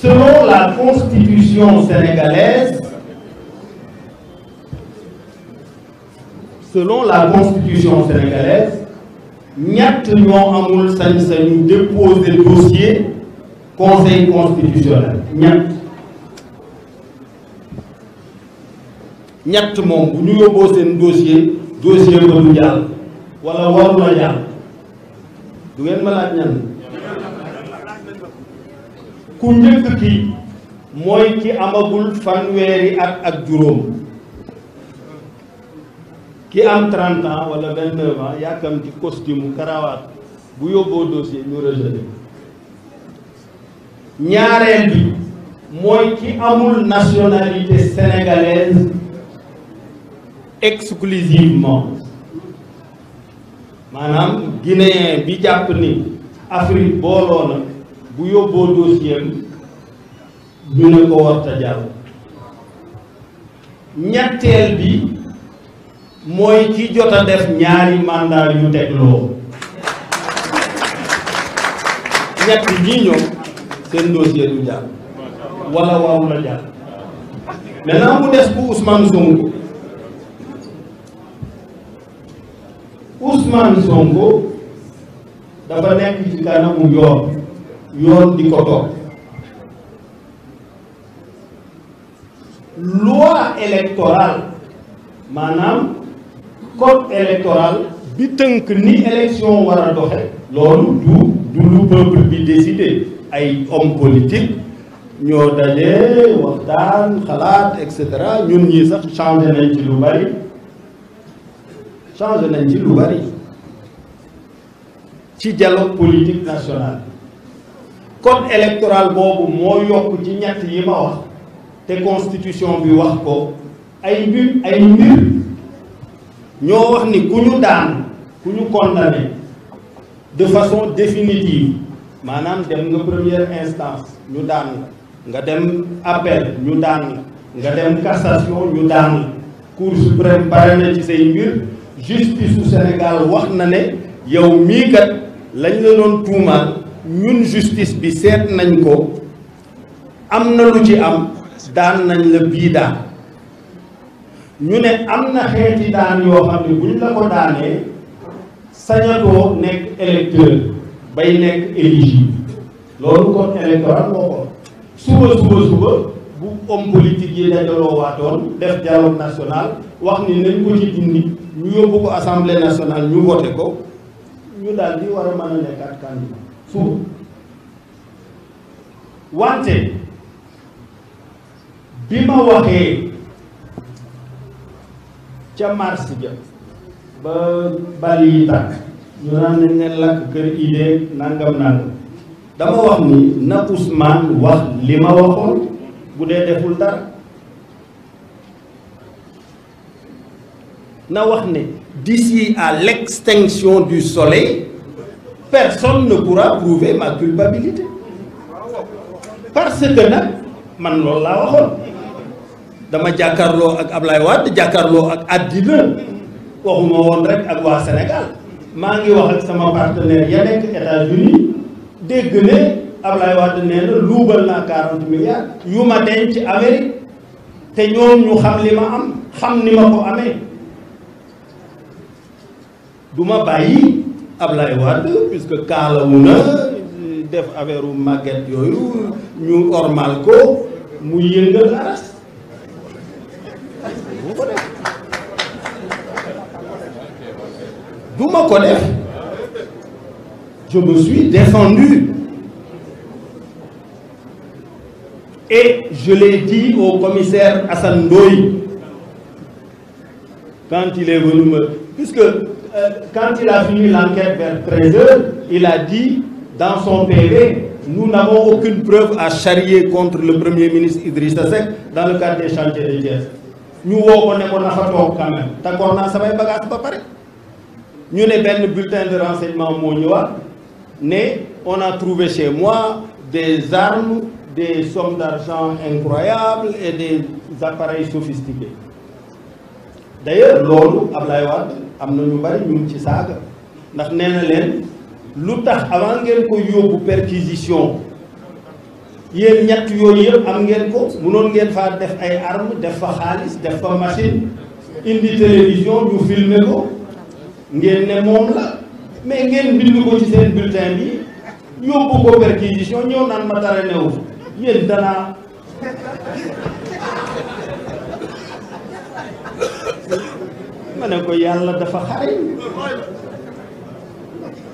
Selon la Constitution sénégalaise, selon la Constitution sénégalaise ñett ñoo amul sañ-sañu déposer dossier Conseil constitutionnel ñett ñett moom bu ñu yóbboo seen dossier dossier ba jàll wala waru la jàll du ngeen ma laaj ñan ku njëkk ki mooy ki amagul fanweeri at ak juróom ki am 30 wala 29 ans yàkkam ci karawaat bu yóbboo dossier ñu rejeté ñaareel bi mooy ki amul nationalité sénégalaise exclusivement maanaam guinéen bi jàpp ni Afrique booloo bu yóbboo dossier am ñu ne ko warta jàll ñetteel bi mooy ki jot a def ñaari mandat yu tegloo ñett ñii seen dossier du jàll wala waaw la jàll maintenant mu des bu Ousmane Sonko Ousmane Sonko dafa nekk ci kanamu yoon yoon di ko topp loi électorale maanaam code électoral bi tënk ni élection war doxe loolu du du lu peuple bi décidé ay homme politique ñoo daje waxtaan xalaat et cetera ñun ñii sax changé nañ ci lu bari changé nañ ci lu bari ci dialogue politique national code électoral boobu moo yokk ci ñett yi ma wax te constitution bi wax ko ay mbir ay mbir ñoo wax ni ku ñu daan ku ñu condamné de façon définitive maanaam dem nga première instance ñu daan nga dem appel ñu daan nga dem cassation ñu daan la cour suprême pare ci say mbir justice su Sénégal wax na ne yow mii kat lañ la doon tuumaal ñun justice bi seet nañ ko am na lu ci am daan nañ la bii daan ñu ne am na xeeti daan yoo xam ne buñ la ko daanee sañatoo nekk électeur bay nekk éligible loolu code électoral moo ko suba suba suba bu homme politique yi dajaloo waatoon def dialogue national wax ni nañ ko ci dindi ñu yóbbu ko assemblée nationale ñu voté ko ñu daal di war a mën fu wante bi ma waxee ca mars ja ba bali yi tàkk ñu naan nañ leen lakk kër idée nangam nangam dama wax ni na Ousmane wax li ma waxoon bu dee deful dara na wax ne d'ici à l'extinction du soleil personne ne pourra prouver ma culpabilité parce que nag man loolu laa waxoon dama jàkkaarloo ak Ablaye Wade jàkkaarloo ak àddina waxuma woon rek ak waa Sénégal maa ngi wax ak sama partenaire ya nekk États-Unis dégg ne Ablaye Wade nee na luubal naa 40 milliards yu ma denc Amérique te ñoom ñu xam li ma am xam ni ma ko amee du bàyyi. Ablaye Wade puisque kaalawu na def affaire u màgget yooyu ñu ormal ko mu yëngal aras du ma ko def du ma ko def je me suis défendu et je l'ai dit au commissaire Assane Ndoye quand il est venu me puisque euh, quand il a fini l'enquête vers 13 heures, il a dit dans son PV, nous n'avons aucune preuve à charrier contre le Premier ministre Idrissa Seck dans le cadre des chantiers de Thiès ñu woo ko ne na fa toog quand même takkoon naa samay bagage ba pare ñu ne benn bulletin de renseignement moo ñëwaat ne on a trouvé chez moi des armes des sommes d'argent incroyables et des appareils sophistiqués d'ailleurs loolu Ablaye Wade am na ñu bari ñu ngi ci saaga ndax nee na leen lu tax avant ngeen ko yóbbu perquisition yéen ñett yooyu yëpp am ngeen ko mënoon ngeen faa def ay armes def fa xaalis def fa machine indi télévision ñu filmer ko ngeen ne moom la mais ngeen bind ko ci seen bulletin bi yóbbu ko perquisition ñëw naan ma dara new yéen danaa ma ne ko yàlla dafa xarañ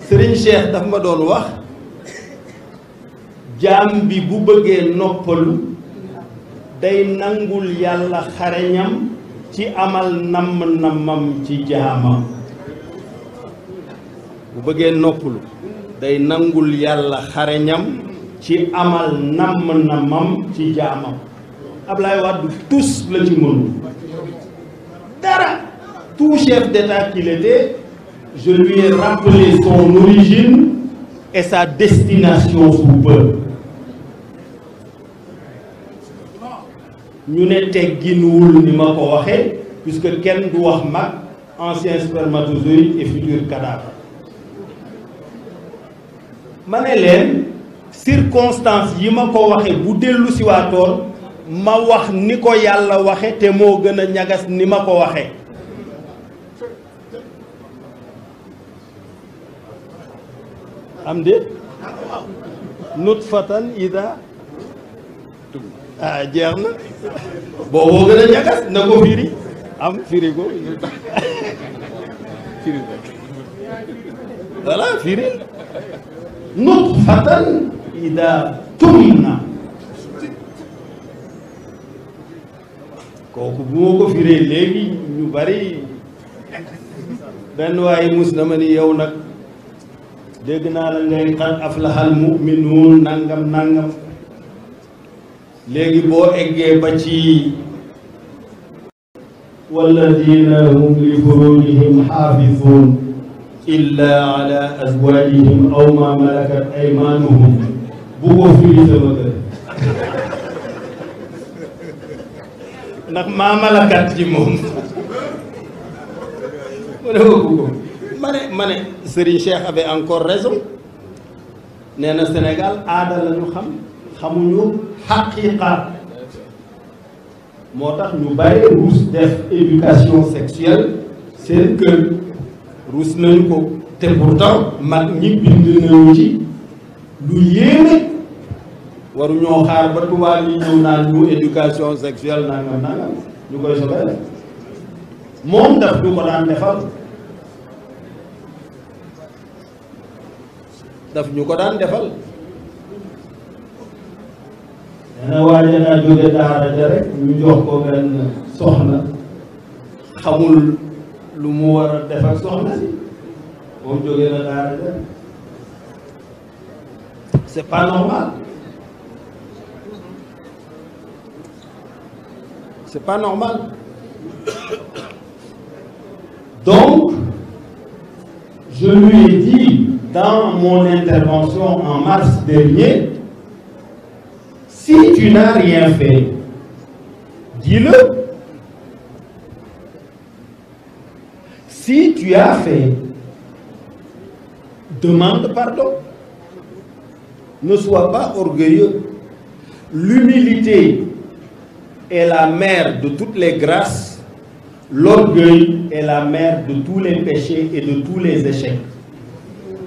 sëriñ Cheikh daf ma doon wax jaam bi bu bëggee noppalu day nangul yàlla xarañam ci amal namm-nammam ci jaamam bu bëggee noppalu nangul yàlla xarañam ci amal namm-nammam ci jaamam tus la ci mënul dara tout chef d'État qu'il était, je lui ai rappelé son origine et sa destination sous peu. ñu ne tegginuwul ni ma ko waxee puisque kenn du wax mag ancien spermatozoïde et futur cadavre ma ne leen circonstance yi ma ko waxe bu dellu si waatoon ma wax ni ko yàlla waxe te moo gën a ñagas ni ma ko waxe am déet nutfatan ida ah jeex na booboo gën a ñagas na ko firi am firi ko firi voilà firi nutfatan ida tumna kooku bu ma ko firee léegi ñu bari benn waaye mus na ma ni yow dégg naa la léegi xat aflahal muminuun nangam nangam léegi boo eggee ba ci walladina hum li furujihim xaafizuun illa ala azwajihim aw ma malakat aymanuhum bu ko firi sama kër ndax maa malakat ci moom mu ne ko ma mane ma ne Serigne encore raison nee na Sénégal aada la xam xamuñu xaqiqa moo tax ñu bàyyi ruus def éducation sexuelle seen kër ruus nañu ko te pourtant mag ñi bind lu yéene waruñoo xaar ba tubaab yi ñëw naan ñu éducation sexuelle nangam nangam ñu koy soxla moom daf du ko daan defal. daf ñu ko daan defal dana waaja naa jóge daara rek ñu jox ko benn soxna xamul lu mu war a def ak soxna si moom jóge na daara c'est pas normal c'est pas normal donc je lui dans mon intervention en mars dernier, si tu n'as rien fait, dis-le. Si tu as fait, demande pardon. Ne sois pas orgueilleux. L'humilité est la mère de toutes les grâces. L'orgueil est la mère de tous les péchés et de tous les échecs.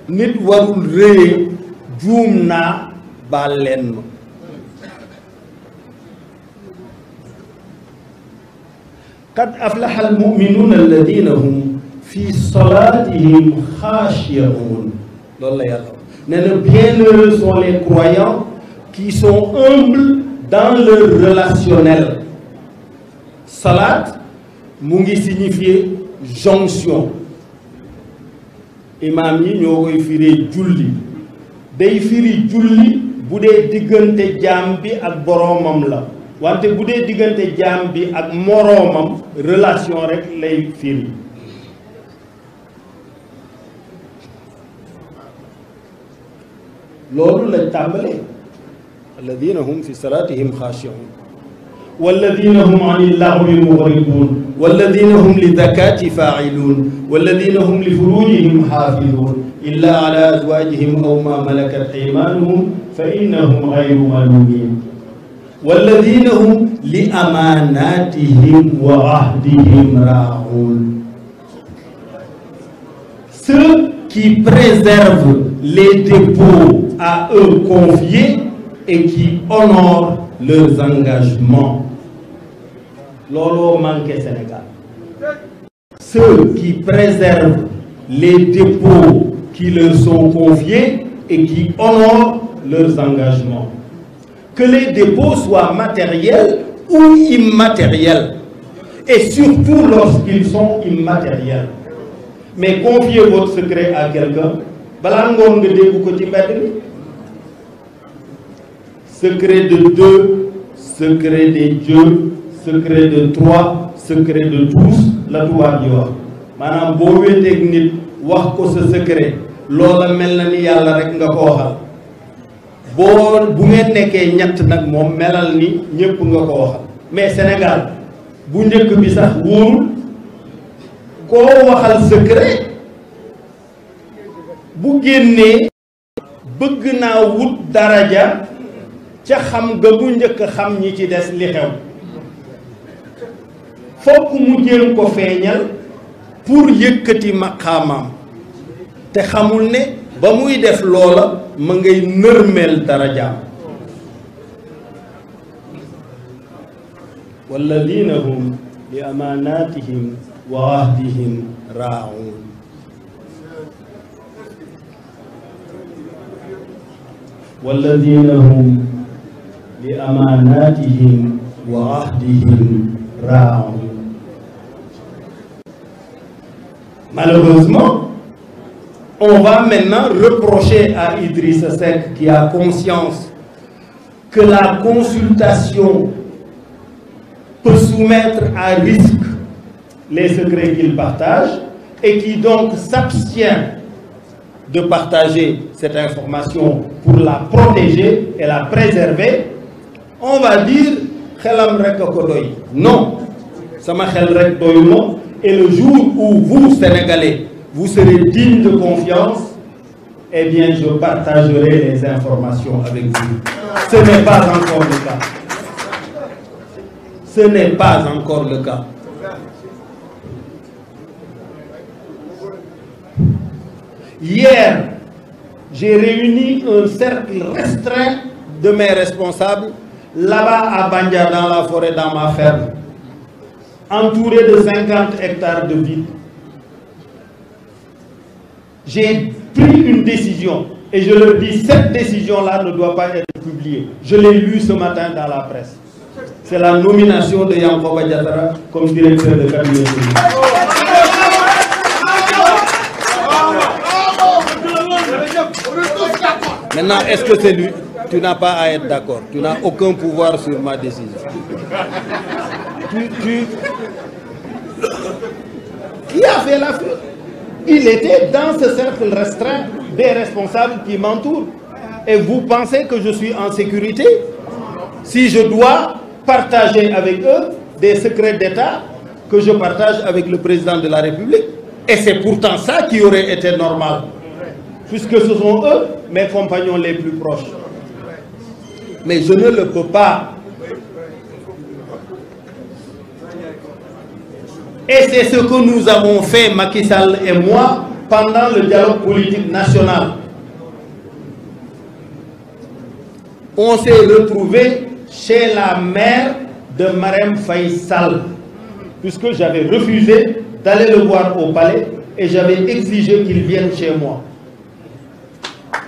nit warul réye juum naa baal leen ma qad aflaha almuminuuna alladina hum fi solatihim xaashiyaun loolu la yàlla nee na bienheureux sont les croyants qui sont humbles dans leur relationnel salaat mu ngi signifier jonction imaam yi ñoo koy firee julli day firi julli bu dee diggante jaam bi ak boroomam la wante bu dee diggante jaam bi ak moroomam relation rek lay firi loolu lañ tàmbalee alladina hum fi salaatihim xaashiun walladina hum ani llahwi muridun walladina hum li zakati failun walladina hum li furujihim xaafidun illa ala azwajihim aw ma malakat aymanuhum fa innahum gayru malumin walladina hum li amanatihim wa ahdihim raun ceux qui préservent les dépôts à eux confiés et qui honorent leurs engagements looloo manqué Sénégal ceux qui préservent les dépôts qui leur sont confiés et qui honorent leurs engagements que les dépôts soient matériels ou immatériels et surtout lorsqu'ils sont immatériels mais confiez votre secret à quelqu'un balaa ngoon nga dégg ko secret de deux secret des dieux secret de trois secret de douze la tubaab yi wax maanaam boo wéeteeg nit wax ko sa secret loola mel na ni yàlla rek nga ko waxal boo bu ngeen nekkee ñett nag moom melal ni ñépp nga ko waxal mais Sénégal bu njëkk bi sax wóorul koo waxal secret bu génnee bëgg naa wut daraja ca xam ga mu njëkk xam ñi ci des li xew fokk mu jéem ko feeñal pour yëkkati maqaamaam te xamul ne ba muy def loola ma ngay nërmeel darajaam walladina hum li amaanaatihim wa ahdihim raa'uun walladina hum li amaanaatihim wa Malheureusement, on va maintenant reprocher à Idrissa qui a conscience que la consultation peut soumettre à risque les secrets qu'il partage et qui donc s'abstient de partager cette information pour la protéger et la préserver on va non sama xel rek doy ma et le jour où vous Sénégalais vous serez dignes de confiance eh bien je partagerai les informations avec vous hier j'ai réuni un cercle restreint de mes responsables là à Bandia, dans la forêt, dans ma ferme, entouré de 50 hectares de vide, j'ai pris une décision. Et je le dis, cette décision-là ne doit pas être publiée. Je l'ai lue ce matin dans la presse. C'est la nomination de Yankoba Diatara comme directeur de cabinet. Maintenant, est-ce que c'est lui? Tu n'as pas à être d'accord. Tu n'as aucun pouvoir sur ma décision. Tu, tu... Qui a fait la fuite? Il était dans ce cercle restreint des responsables qui m'entourent. Et vous pensez que je suis en sécurité? Si je dois partager avec eux des secrets d'État que je partage avec le président de la République. Et c'est pourtant ça qui aurait été normal. puisque ce sont eux mes compagnons les plus proches. Mais je ne le peux pas. Et c'est ce que nous avons fait, Macky Sall et moi, pendant le dialogue politique national. On s'est retrouvés chez la mère de Marème Faye Sall, puisque j'avais refusé d'aller le voir au palais et j'avais exigé qu'il vienne chez moi.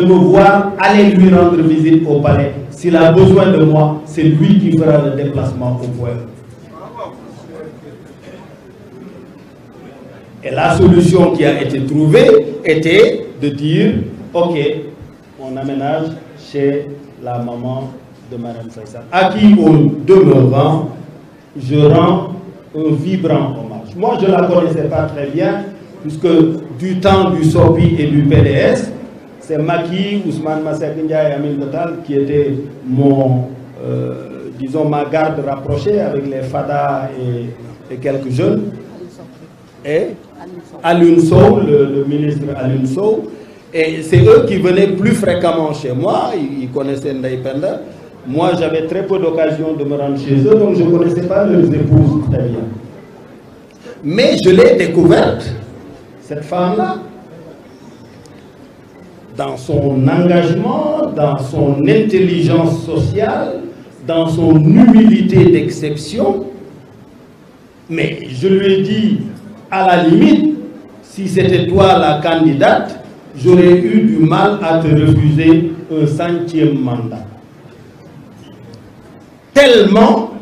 de me voir aller lui rendre visite au palais. S'il a besoin de moi, c'est lui qui fera le déplacement au pouvoir. Et la solution qui a été trouvée était de dire, ok, on aménage chez la maman de Madame Faisal, à qui au demeurant, je rends un vibrant hommage. Moi, je ne la connaissais pas très bien, puisque du temps du SOPI et du PDS, C'est Maki Ousmane Masek Ndiaye Amin Total qui était mon, euh, disons, ma garde rapprochée avec les FADA et, et quelques jeunes. Et Alun Sow, le, le, ministre Alun Sow. Et c'est eux qui venaient plus fréquemment chez moi. Ils, connaissaient Ndaï Penda. Moi, j'avais très peu d'occasion de me rendre chez eux, donc je ne connaissais pas leurs épouses très bien. Mais je l'ai découverte, cette femme-là, dans son engagement, dans son intelligence sociale, dans son humilité d'exception. Mais je lui ai dit, à la limite, si c'était toi la candidate, j'aurais eu du mal à te refuser un cinquième mandat. Tellement